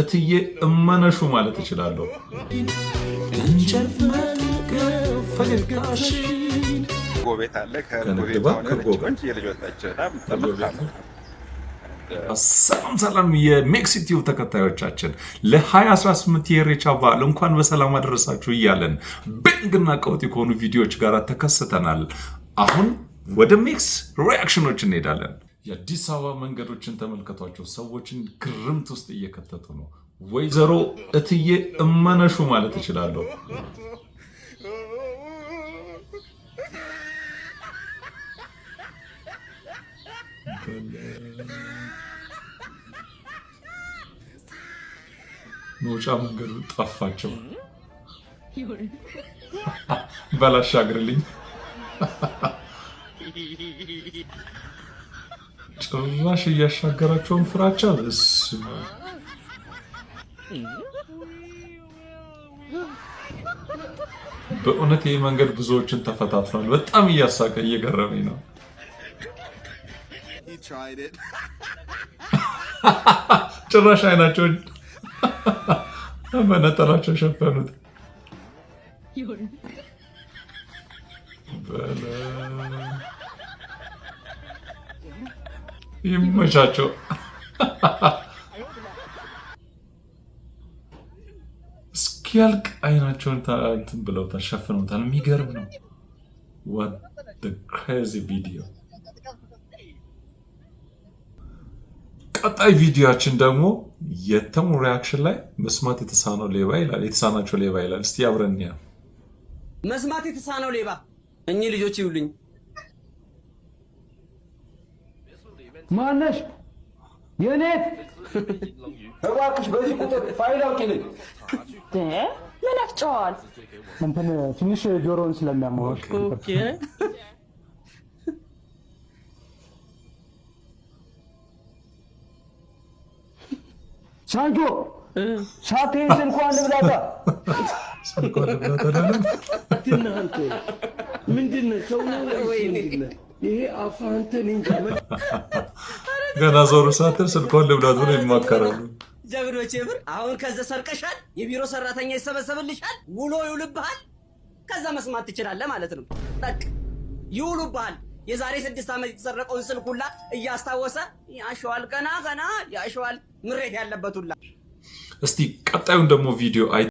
እትዬ እመነሹ ማለት እችላለሁ። ሰላም ሰላም የሜክሲት ዩቲዩብ ተከታዮቻችን ለ2018 የኢሬቻ በዓል እንኳን በሰላም አደረሳችሁ እያለን በእንግና ቀውጥ ከሆኑ ቪዲዮዎች ጋር ተከስተናል። አሁን ወደ ሜክስ ሪያክሽኖች እንሄዳለን። የአዲስ አበባ መንገዶችን ተመልከቷቸው። ሰዎችን ግርምት ውስጥ እየከተቱ ነው። ወይዘሮ እትዬ እመነሹ ማለት እችላለሁ። መውጫ መንገዱ ጠፋቸው። በላሻግርልኝ ጭራሽ እያሻገራቸውን ፍራቻ ስ በእውነት ይህ መንገድ ብዙዎችን ተፈታትኗል። በጣም እያሳቀ እየገረመኝ ነው። ጭራሽ አይናቸውን በነጠላቸው ሸፈኑት። ይመቻቸው። እስኪያልቅ አይናቸውን እንትን ብለውታል፣ ሸፍነውታል። የሚገርም ነው። ክሬዚ ቪዲዮ። ቀጣይ ቪዲዮችን ደግሞ የተሙ ሪያክሽን ላይ መስማት የተሳነው ሌባ ይላል፣ የተሳናቸው ሌባ ይላል። እስቲ አብረን መስማት የተሳነው ሌባ እኚህ ልጆች ይውልኝ مانش يونيت هواكش بذي كنت فايدة وكنت ده من أكتشال ممكن تنش جورون سلام يا موش اوكي ሳንቾ ሳቴን ስልኳን ልብላታ ስልኳን ልብላታ ምንድን ነው ሰው ነው ይሄ አፋንተን እንጂ ገና ዞሩ ሳትል ስልኳን ልብላት ብሎ ይማከራሉ። ጀግኖች ብር አሁን ከዛ ሰርቀሻል፣ የቢሮ ሰራተኛ ይሰበሰብልሻል፣ ውሎ ይውልብሃል። ከዛ መስማት ትችላለህ ማለት ነው። ጠቅ ይውሉብሃል። የዛሬ ስድስት ዓመት የተሰረቀውን ስልክ ሁላ እያስታወሰ ያሸዋል። ቀና ቀና ያሸዋል። ምሬት ያለበት ሁላ። እስቲ ቀጣዩን ደግሞ ቪዲዮ አይ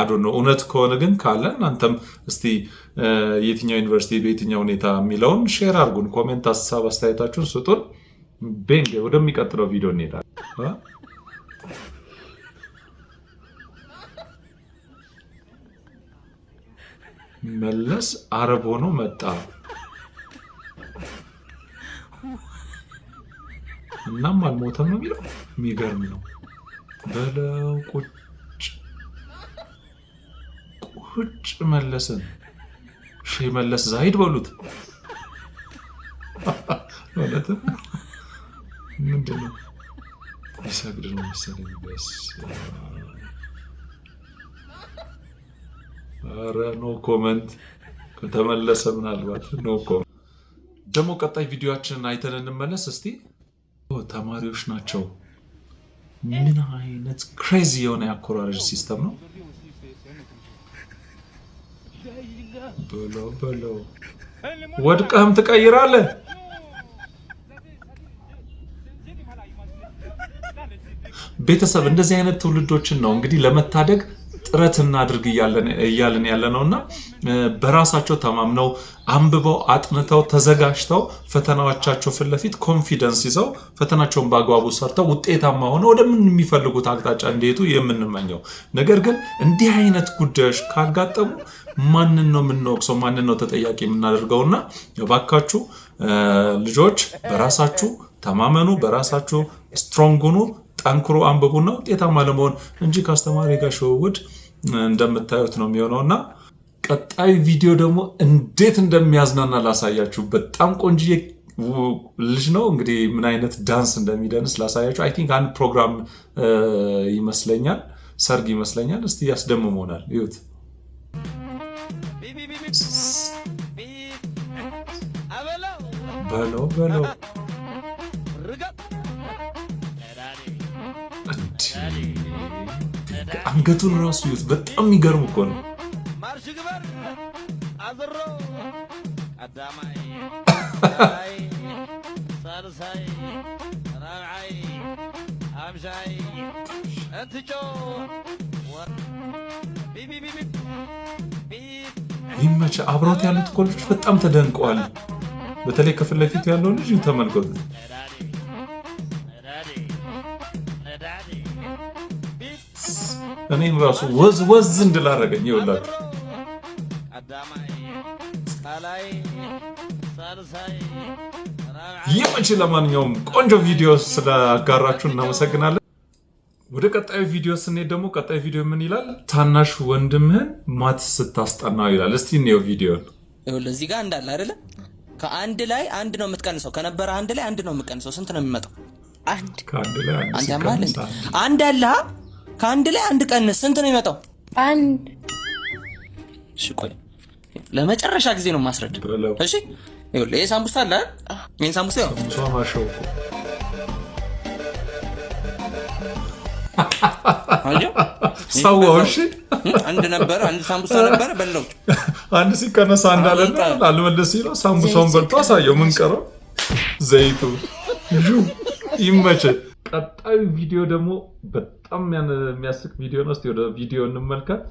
አዶ ነው። እውነት ከሆነ ግን ካለ እናንተም እስቲ የትኛው ዩኒቨርሲቲ በየትኛው ሁኔታ የሚለውን ሼር አድርጉን፣ ኮሜንት፣ ሀሳብ አስተያየታችሁን ስጡን። ቤንግ ወደሚቀጥለው ቪዲዮ እንሄዳለን። መለስ አረብ ሆኖ መጣ እናም አልሞተም ነው የሚለው። የሚገርም ነው በለው ቁጭ ቁጭ መለስን ሼህ መለስ ዛሂድ በሉት። ማለትም ምንድን ነው ይሰግድ ነው መሰለኝ። ኧረ ኖ ኮመንት ከተመለሰ ምናልባት ኖ ኮመንት። ደግሞ ቀጣይ ቪዲዮችንን አይተን እንመለስ እስቲ። ተማሪዎች ናቸው። ምን አይነት ክሬዚ የሆነ የአኮራረጅ ሲስተም ነው በለው በለው ወድቀህም ትቀይራለህ። ቤተሰብ እንደዚህ አይነት ትውልዶችን ነው እንግዲህ ለመታደግ ጥረት እናድርግ እያልን ያለ ነው እና በራሳቸው ተማምነው አንብበው አጥንተው ተዘጋጅተው ፈተናዎቻቸው ፊት ለፊት ኮንፊደንስ ይዘው ፈተናቸውን በአግባቡ ሰርተው ውጤታማ ሆነው ወደምን የሚፈልጉት አቅጣጫ እንዲሄዱ የምንመኘው ነገር ግን እንዲህ አይነት ጉዳዮች ካጋጠሙ ማንን ነው የምንወቅሰው? ማንን ነው ተጠያቂ የምናደርገው? እና እባካችሁ ልጆች በራሳችሁ ተማመኑ፣ በራሳችሁ ስትሮንግ ሁኑ፣ አንብቡ አንብቡና ውጤታማ ለመሆን እንጂ ከአስተማሪ ጋር ሽውውድ እንደምታዩት ነው የሚሆነው እና ቀጣይ ቪዲዮ ደግሞ እንዴት እንደሚያዝናና ላሳያችሁ። በጣም ቆንጅዬ ልጅ ነው እንግዲህ ምን አይነት ዳንስ እንደሚደንስ ላሳያችሁ። አይ ቲንክ አንድ ፕሮግራም ይመስለኛል፣ ሰርግ ይመስለኛል። እስቲ ያስደምሞናል፣ ይዩት። በሎ በሎ አንገቱን ራሱ ይዩት። በጣም የሚገርም እኮ ነው። ይመችህ። አብራት ያሉት ኮሎች በጣም ተደንቀዋል። በተለይ ከፊት ለፊት ያለው ልጅ ተመልከቱ። እኔም ራሱ ወዝ ወዝ እንድላረገኝ ይኸውላችሁ ይመች። ለማንኛውም ቆንጆ ቪዲዮ ስለጋራችሁ እናመሰግናለን። ወደ ቀጣዩ ቪዲዮ ስንሄድ ደግሞ ቀጣዩ ቪዲዮ ምን ይላል? ታናሽ ወንድምህን ማት ስታስጠናው ይላል። እስቲ እኔው ቪዲዮን ለዚህ ጋር እንዳለ አይደለም ከአንድ ላይ አንድ ነው የምትቀንሰው። ከነበረ አንድ ላይ አንድ ነው የምትቀንሰው። ስንት ነው የሚመጣው? አንድ አንድ አለ። ከአንድ ላይ አንድ ቀንስ፣ ስንት ነው የሚመጣው? አንድ። እሺ ቆይ ለመጨረሻ ጊዜ ነው ማስረድ። እሺ ይሄ ሳምቡሳ አለ። ይሄን ሳምቡሳ ያው ሰዎች አንድ ነበረ፣ አንድ ሳምቡሳ ነበረ በላው። አንድ ሲቀነሳ እንዳለና አልመለስ ሲለው ሳምቡሳውን በልቶ አሳየው። ምን ቀረው? ዘይቱ ይመች። ቀጣዩ ቪዲዮ ደግሞ በጣም የሚያስቅ ቪዲዮ ነው። እስኪ ወደ ቪዲዮ እንመልከት።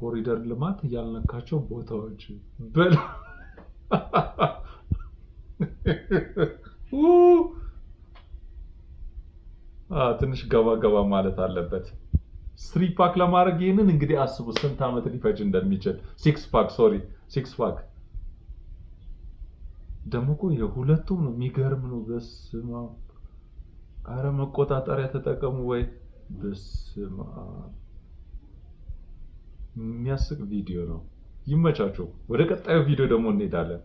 ኮሪደር ልማት ያልነካቸው ቦታዎች በል ትንሽ ገባ ገባ ማለት አለበት። ስሪ ፓክ ለማድረግ ይህንን እንግዲህ አስቡ ስንት ዓመት ሊፈጅ እንደሚችል። ሲክስ ፓክ ሶሪ፣ ሲክስ ፓክ ደግሞ እኮ የሁለቱም ነው። የሚገርም ነው። በስማ አረ መቆጣጠሪያ ተጠቀሙ ወይ በስማ። የሚያስቅ ቪዲዮ ነው። ይመቻችሁ። ወደ ቀጣዩ ቪዲዮ ደግሞ እንሄዳለን።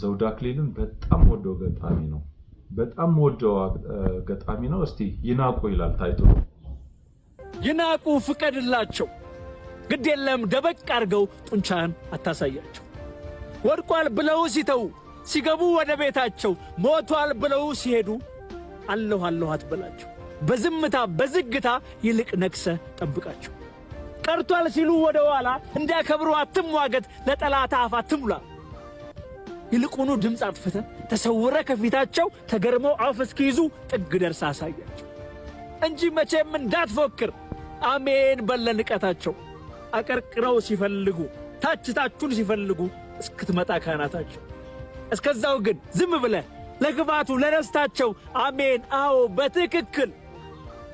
ዘውድ አክሊልን በጣም ወደው ገጣሚ ነው። በጣም ወደው ገጣሚ ነው። እስቲ ይናቁ ይላል ታይቶ ይናቁ ፍቀድላቸው፣ ግድ የለም ደበቅ አድርገው ጡንቻን አታሳያቸው። ወድቋል ብለው ሲተው ሲገቡ ወደ ቤታቸው ሞቷል ብለው ሲሄዱ አለሁ አለሁ አትበላቸው። በዝምታ በዝግታ ይልቅ ነግሰህ ጠብቃቸው። ቀርቷል ሲሉ ወደ ኋላ እንዲያከብሩ አትሟገት፣ ለጠላት አፍ አትሙላ። ይልቁኑ ድምፅ አጥፍተ ተሰውረ ከፊታቸው ተገርመው አፍ እስኪይዙ ጥግ ደርሳ አሳያቸው እንጂ መቼም እንዳትፎክር አሜን በለንቀታቸው አቀርቅረው ሲፈልጉ ታችታችሁን ሲፈልጉ እስክትመጣ ካህናታቸው እስከዛው ግን ዝም ብለ ለግባቱ ለነስታቸው አሜን አዎ በትክክል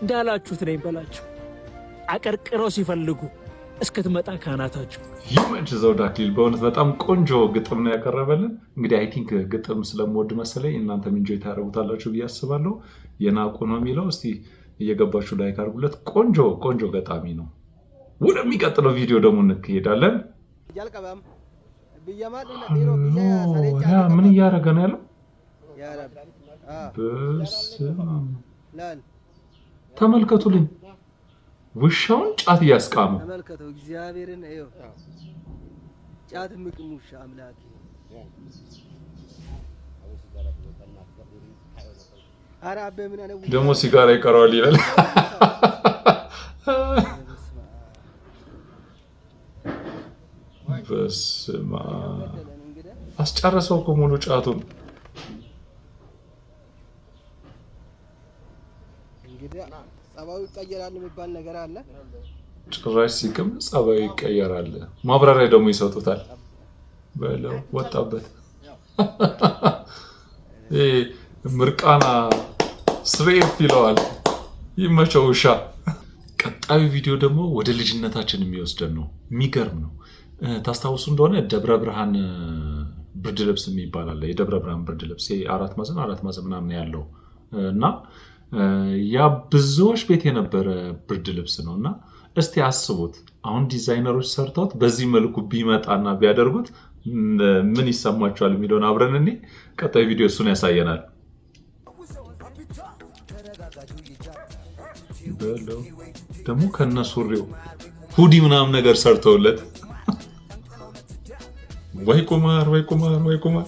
እንዳላችሁት ነኝ በላቸው። አቀርቅረው ሲፈልጉ እስክትመጣ ካህናታችሁ። ይመች ዘውድ አክሊል በእውነት በጣም ቆንጆ ግጥም ነው ያቀረበልን። እንግዲህ አይ ቲንክ ግጥም ስለምወድ መሰለኝ እናንተ ምንጆ ታደርጉታላችሁ ብዬ አስባለሁ። የናቁ ነው የሚለው እስቲ እየገባችሁ ላይ ካርጉለት። ቆንጆ ቆንጆ ገጣሚ ነው። ወደሚቀጥለው ቪዲዮ ደግሞ እንሄዳለን። ምን እያደረገ ነው ያለው? ተመልከቱልኝ ውሻውን ጫት እያስቃሙ ተመልከተው። እግዚአብሔርን እዩ። ጫት ምቅም ውሻ አምላክ ደግሞ ሲጋራ ይቀረዋል ይላል። በስመ አብ አስጨረሰው እኮ ሙሉ ጫቱን እንግዲህ ጸባዩ ይቀየራል የሚባል ነገር አለ። ጭራሽ ሲቅም ጸባዩ ይቀየራል። ማብራሪያ ደግሞ ይሰጡታል። በለው ወጣበት ምርቃና ስሬፍ ይለዋል። ይመቸው ውሻ። ቀጣዩ ቪዲዮ ደግሞ ወደ ልጅነታችን የሚወስደን ነው። የሚገርም ነው። ታስታውሱ እንደሆነ ደብረ ብርሃን ብርድ ልብስ የሚባል አለ። የደብረ ብርሃን ብርድ ልብስ አራት ማዘን አራት ማዘን ምናምን ያለው እና ያ ብዙዎች ቤት የነበረ ብርድ ልብስ ነው እና እስቲ አስቡት አሁን ዲዛይነሮች ሰርተውት በዚህ መልኩ ቢመጣና ቢያደርጉት ምን ይሰማቸዋል የሚለውን አብረን እኔ ቀጣይ ቪዲዮ እሱን ያሳየናል። ደግሞ ከነ ሱሪው ሁዲ ምናምን ነገር ሰርተውለት ወይ ቁማር ወይ ቁማር ወይ ቁማር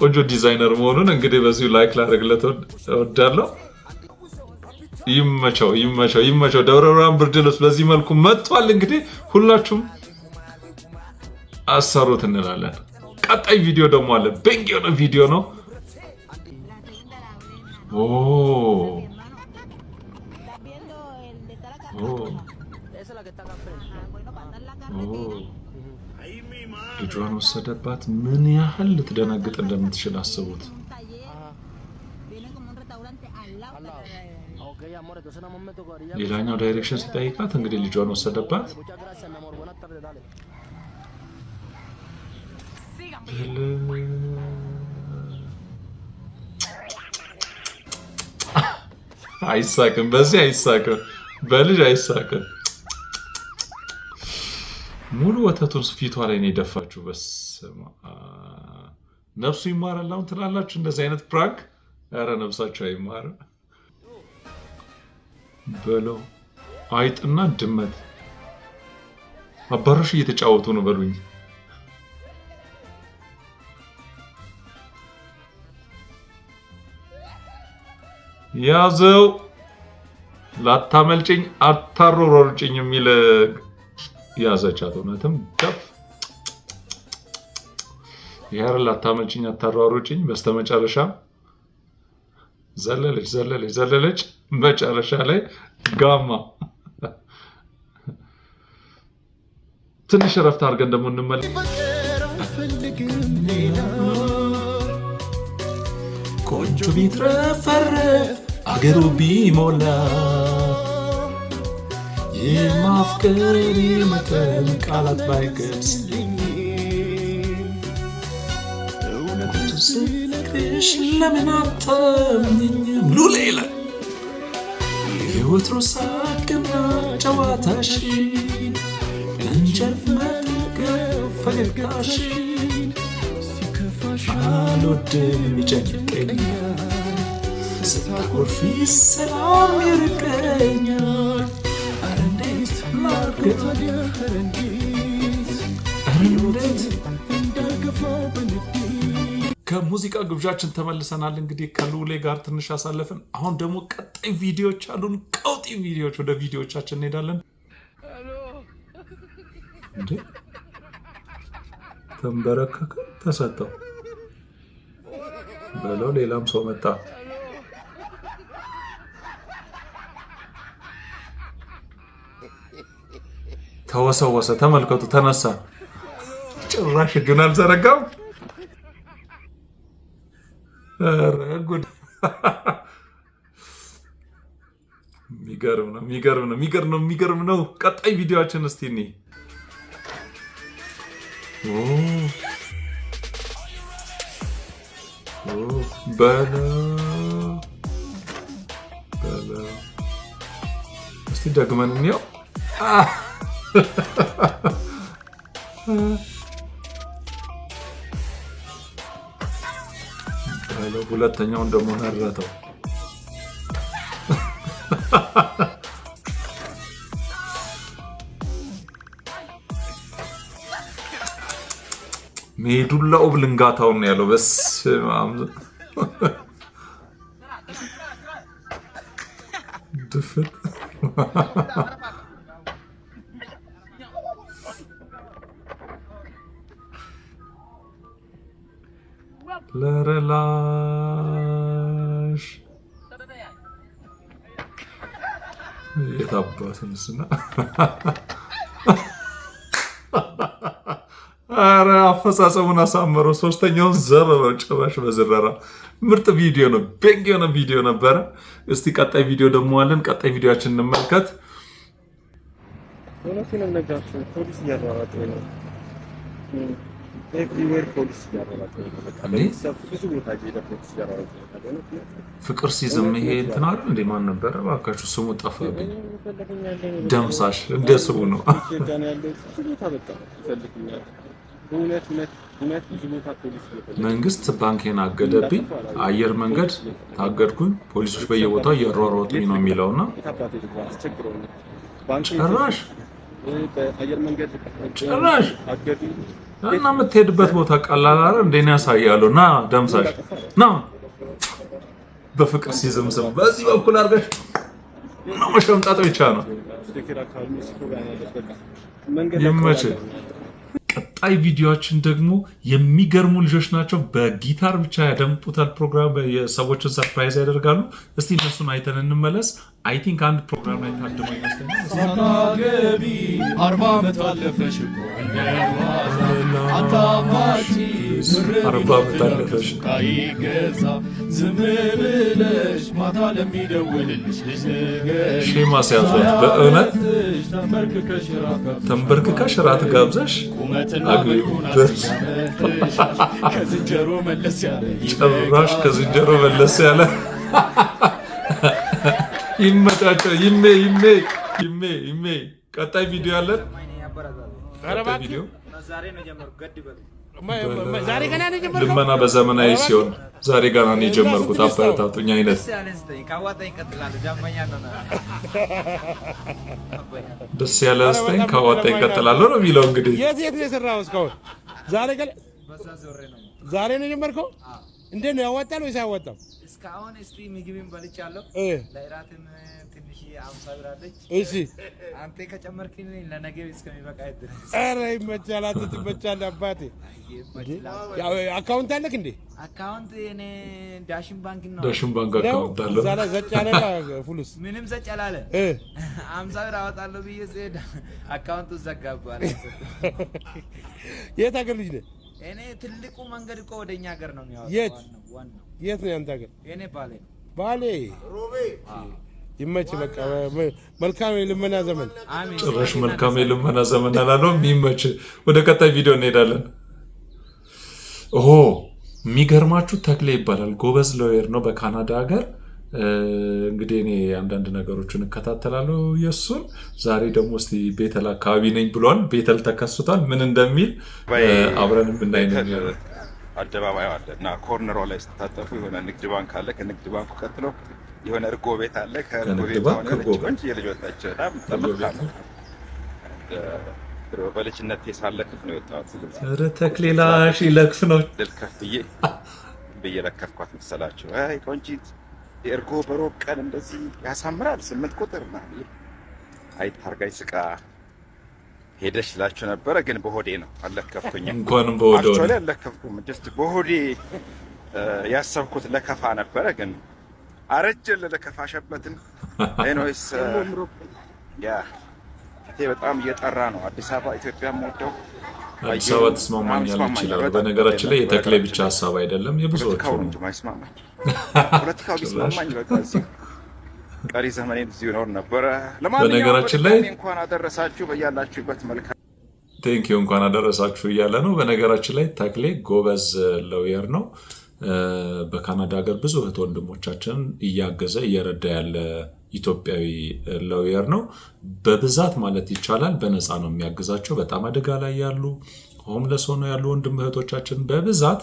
ቆንጆ ዲዛይነር መሆኑን እንግዲህ በዚሁ ላይክ ላደርግለት እወዳለሁ። ይመቸው ይመቸው ይመቸው። ደብረ ብርሃን ብርድ ልብስ በዚህ መልኩ መጥቷል። እንግዲህ ሁላችሁም አሰሩት እንላለን። ቀጣይ ቪዲዮ ደግሞ አለ። በንቅ የሆነ ቪዲዮ ነው። ልጇን ወሰደባት። ምን ያህል ልትደነግጥ እንደምትችል አስቡት። ሌላኛው ዳይሬክሽን ሲጠይቃት እንግዲህ ልጇን ወሰደባት። አይሳቅም፣ በዚህ አይሳቅም፣ በልጅ አይሳቅም። ሙሉ ወተቱን ፊቷ ላይ ነው የደፋችሁ። በስመ አብ ነፍሱ ይማራል አሁን ትላላችሁ። እንደዚህ አይነት ፕራንክ ኧረ ነፍሳቸው አይማርም። በለው አይጥና ድመት አባሮሽ እየተጫወቱ ነው በሉኝ። ያዘው ላታመልጭኝ አታሮሮርጭኝ የሚል ያዘቻት። እውነትም ከፍ ይህር ላታመልጭኝ አታሯሩጭኝ። በስተመጨረሻ ዘለለች ዘለለች ዘለለች። መጨረሻ ላይ ጋማ። ትንሽ እረፍት አድርገን ደግሞ እንመለስ። ቆንጆ ቢትረፈረፍ አገሩ ቢሞላ የማፍቀሪ መጠን ቃላት ባይገልጽልኝ እውነቱ ስነግርሽ ለምን አታምኝም ሉሌ ላይ የወትሮ ሳቅና ጨዋታሽን እንጀርፍ መጠገብ ፈገግታሽን አልወድም ይጨንቀኛል ስታኮርፊ ሰላም ይርቀኛል ከሙዚቃ ግብዣችን ተመልሰናል። እንግዲህ ከሉሌ ጋር ትንሽ ያሳለፍን፣ አሁን ደግሞ ቀጣይ ቪዲዮዎች አሉን። ቀውጢ ቪዲዮዎች፣ ወደ ቪዲዮዎቻችን እንሄዳለን። ተንበረከከ፣ ተሰጠው በለው። ሌላም ሰው መጣ። ተወሰወሰ። ተመልከቱ፣ ተነሳ። ጭራሽ ግን አልዘረጋም። የሚገርም ነው፣ የሚገርም ነው፣ የሚገርም ነው፣ የሚገርም ነው። ቀጣይ ቪዲዮችን እስቲ እኔ በላ በላ እስቲ ደግመን እንየው። ሁለተኛውን ደግሞ ነረተው። ሜዱላ ኦብ ልንጋታውን ያለው በስ ድፍን ክርስትና ኧረ አፈጻጸሙን አሳመረው። ሶስተኛውን ዘረረው ጭራሽ በዝረራ ምርጥ ቪዲዮ ነው። ቤግ የሆነ ቪዲዮ ነበረ። እስቲ ቀጣይ ቪዲዮ ደግሞ አለን። ቀጣይ ቪዲዮችን እንመልከት። እውነቴን ነው ፖሊስ እያሯሯጠኝ ነው። ኤቭሪዌር ፖሊስ ፍቅር ሲዝም ይሄ እንትን አይደል እንዴ? ማን ነበረ እባካችሁ? ስሙ ጠፋብኝ። ደምሳሽ እንደ ስሙ ነው። መንግስት ባንኬን አገደብኝ፣ አየር መንገድ ታገድኩኝ፣ ፖሊሶች በየቦታው እያሯሯጡኝ ነው የሚለውና ጭራሽ በአየር መንገድ ጭራሽ እና የምትሄድበት ቦታ ቀላል አይደል? እንዴት ያሳያሉ። ና ደምሳሽ ና በፍቅር ሲዝምዝም በዚህ በኩል አድርገሽ እና መሸምጣት ብቻ ነው። ይመችህ። ቀጣይ ቪዲዮዎችን ደግሞ የሚገርሙ ልጆች ናቸው። በጊታር ብቻ ያደምጡታል። ፕሮግራም የሰዎችን ሰርፕራይዝ ያደርጋሉ። እስቲ እነሱን አይተን እንመለስ። አይ ቲንክ አንድ ፕሮግራም ላይ ታድሞ ይመስለኛልገቢ አርባ ዓመት አለፈሽ አርባ ዓመት አለፈሽ ይገዛ ዝም ብለሽ ማታ ለሚደውልልሽ ልጅ ማስያዟት በእውነት ተንበርክከሽ ራት ጋብዘሽ ከዝንጀሮ መለስ ያለ ጭራሽ ከዝንጀሮ መለስ ያለ ይመጣቸው። ይሜ ይሜ ይሜ ይሜ ቀጣይ ቪዲዮ አለን። ቀጣይ ቪዲዮ ልመና በዘመናዊ ሲሆን ዛሬ ገና ነው የጀመርኩት። አበረታቱኝ አይነት ደስ ያለ ስጠኝ ካዋጣኝ እቀጥላለሁ ነው የሚለው እንግዲህ ዛሬ ነው የጀመርከው? እንዴት ነው ያዋጣል ወይስ አያዋጣም? እስካሁን እስቲ ምግብም በልቻለሁ። ለእራትም ትንሽ አምሳ ብር አለች። እሺ አንተ ከጨመርክኝ ለነገ እስከሚበቃ ድረስ። ኧረ ይመቻል፣ አንተ ትመቻለህ አባቴ። አካውንት አለክ እንዴ? አካውንት እኔ ዳሽን ባንክ ነው። ዳሽን ባንክ አካውንት አለ። ዛላ ዘጭ አለ ፉሉስ ምንም ዘጭ አላለ። አምሳ ብር አወጣለሁ ብዬ ስሄድ አካውንቱ ዘጋባል። የት ሀገር ልጅ ነህ? እኔ ትልቁ መንገድ እኮ ወደ እኛ ሀገር ነው የሚያወጣው። የት የት ነው ያንተ ሀገር? እኔ ባሌ ባሌ። ይመች በቃ መልካም የልመና ዘመን። ጭራሽ መልካም የልመና ዘመን አላለውም። ይመች። ወደ ቀጣይ ቪዲዮ እንሄዳለን። ኦሆ የሚገርማችሁ ተክሌ ይባላል። ጎበዝ ሎየር ነው በካናዳ ሀገር እንግዲህ እኔ አንዳንድ ነገሮችን እከታተላለሁ የእሱን። ዛሬ ደግሞ ስ ቤተል አካባቢ ነኝ ብሏል። ቤተል ተከስቷል። ምን እንደሚል አብረን የምናይ አደባባይ አለ እና ኮርነሯ ላይ ስታጠፉ የሆነ ንግድ ባንክ አለ። ከንግድ ባንኩ ቀጥሎ የሆነ እርጎ ቤት አለ። ከእርጎ ቤት የልጅ ወጣች በጣም ጠመታ ነው። በልጅነት ሳለክፍ ነው የወጣሁት። ኧረ ተክሌላሽ ይለክፍ ነው ልልከፍ ብዬ ብዬ ለከፍኳት መሰላችሁ ቆንጂት የእርጎ በሮቅ ቀን እንደዚህ ያሳምራል። ስምንት ቁጥር ና አይ ታርጋይ ስቃ ሄደሽ ላችሁ ነበረ፣ ግን በሆዴ ነው አልለከፍኩኝም። እንኳንም በሆዴ አልለከፍኩም። ጀስት በሆዴ ያሰብኩት ለከፋ ነበረ፣ ግን አረጀን ለለከፋ ሸበትን ይኖስ ያ ፊቴ በጣም እየጠራ ነው። አዲስ አበባ ኢትዮጵያ ወደው አዲስ አበባ ተስማማኝ ይችላል። በነገራችን ላይ የተክሌ ብቻ ሀሳብ አይደለም የብዙዎች ነው። ፖለቲካው ቢስማማኝ በቃ እዚህ ቀሪ እዚሁ ነበረ። ላይ እንኳን አደረሳችሁ በያላችሁበት መልካም እንኳን አደረሳችሁ እያለ ነው። በነገራችን ላይ ተክሌ ጎበዝ ለውየር ነው። በካናዳ ሀገር ብዙ እህት ወንድሞቻችንን እያገዘ እየረዳ ያለ ኢትዮጵያዊ ለውየር ነው። በብዛት ማለት ይቻላል በነፃ ነው የሚያግዛቸው። በጣም አደጋ ላይ ያሉ ሆምለስ ሆነው ያሉ ወንድም እህቶቻችን በብዛት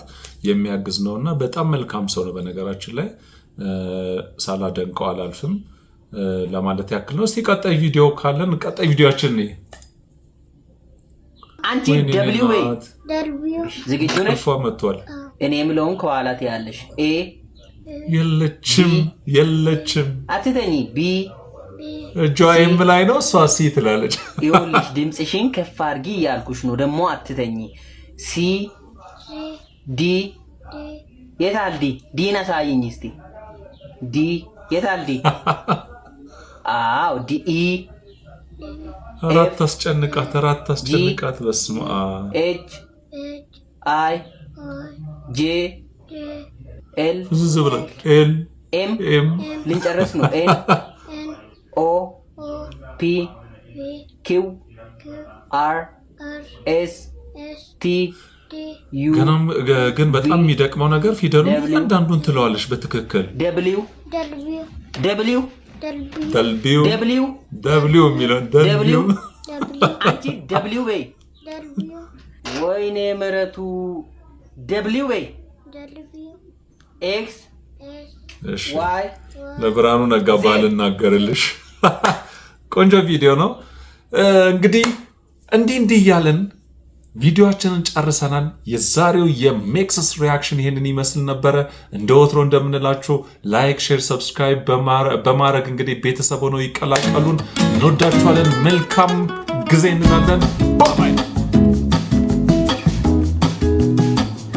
የሚያግዝ ነው እና በጣም መልካም ሰው ነው። በነገራችን ላይ ሳላደንቀው አላልፍም ለማለት ያክል ነው። እስቲ ቀጣይ ቪዲዮ ካለን ቀጣይ ቪዲዮችን መጥቷል። እኔ የምለውን ከኋላት ያለሽ ኤ የለችም የለችም አትተኝ ቢ እጇ ይም ላይ ነው እሷ ሲ ትላለች። ይኸውልሽ ድምፅሽን ከፍ አድርጊ እያልኩሽ ነው። ደግሞ አትተኝ። ሲ ዲ የታል ዲ? ዲን አሳይኝ እስቲ። ዲ የታል ዲ? አዎ ዲ ኢ አራት አስጨንቃት፣ አራት አስጨንቃት። በስመ አብ ኤች አይ ጄ ኤል ብዙ ዝብለ ኤል ኤም ልንጨርስ ነው ኤል ኦ ፒ ኪው አር ኤስ ቲ ግን በጣም የሚደቅመው ነገር ፊደሉ አንዳንዱን ትለዋለች በትክክል ደብሊው ደብሊው ደብሊው ደብሊው በይ ወይኔ ምረቱ ደብሊው በይ ኤክስ ዋይ ለብርሃኑ ነጋ ባልናገርልሽ ቆንጆ ቪዲዮ ነው። እንግዲህ እንዲህ እንዲህ እያለን ቪዲዮችንን ጨርሰናል። የዛሬው የሜክስስ ሪያክሽን ይሄንን ይመስል ነበረ። እንደ ወትሮ እንደምንላችሁ ላይክ፣ ሼር፣ ሰብስክራይብ በማድረግ እንግዲህ ቤተሰብ ሆነው ይቀላቀሉን። እንወዳችኋለን። መልካም ጊዜ እንላለን።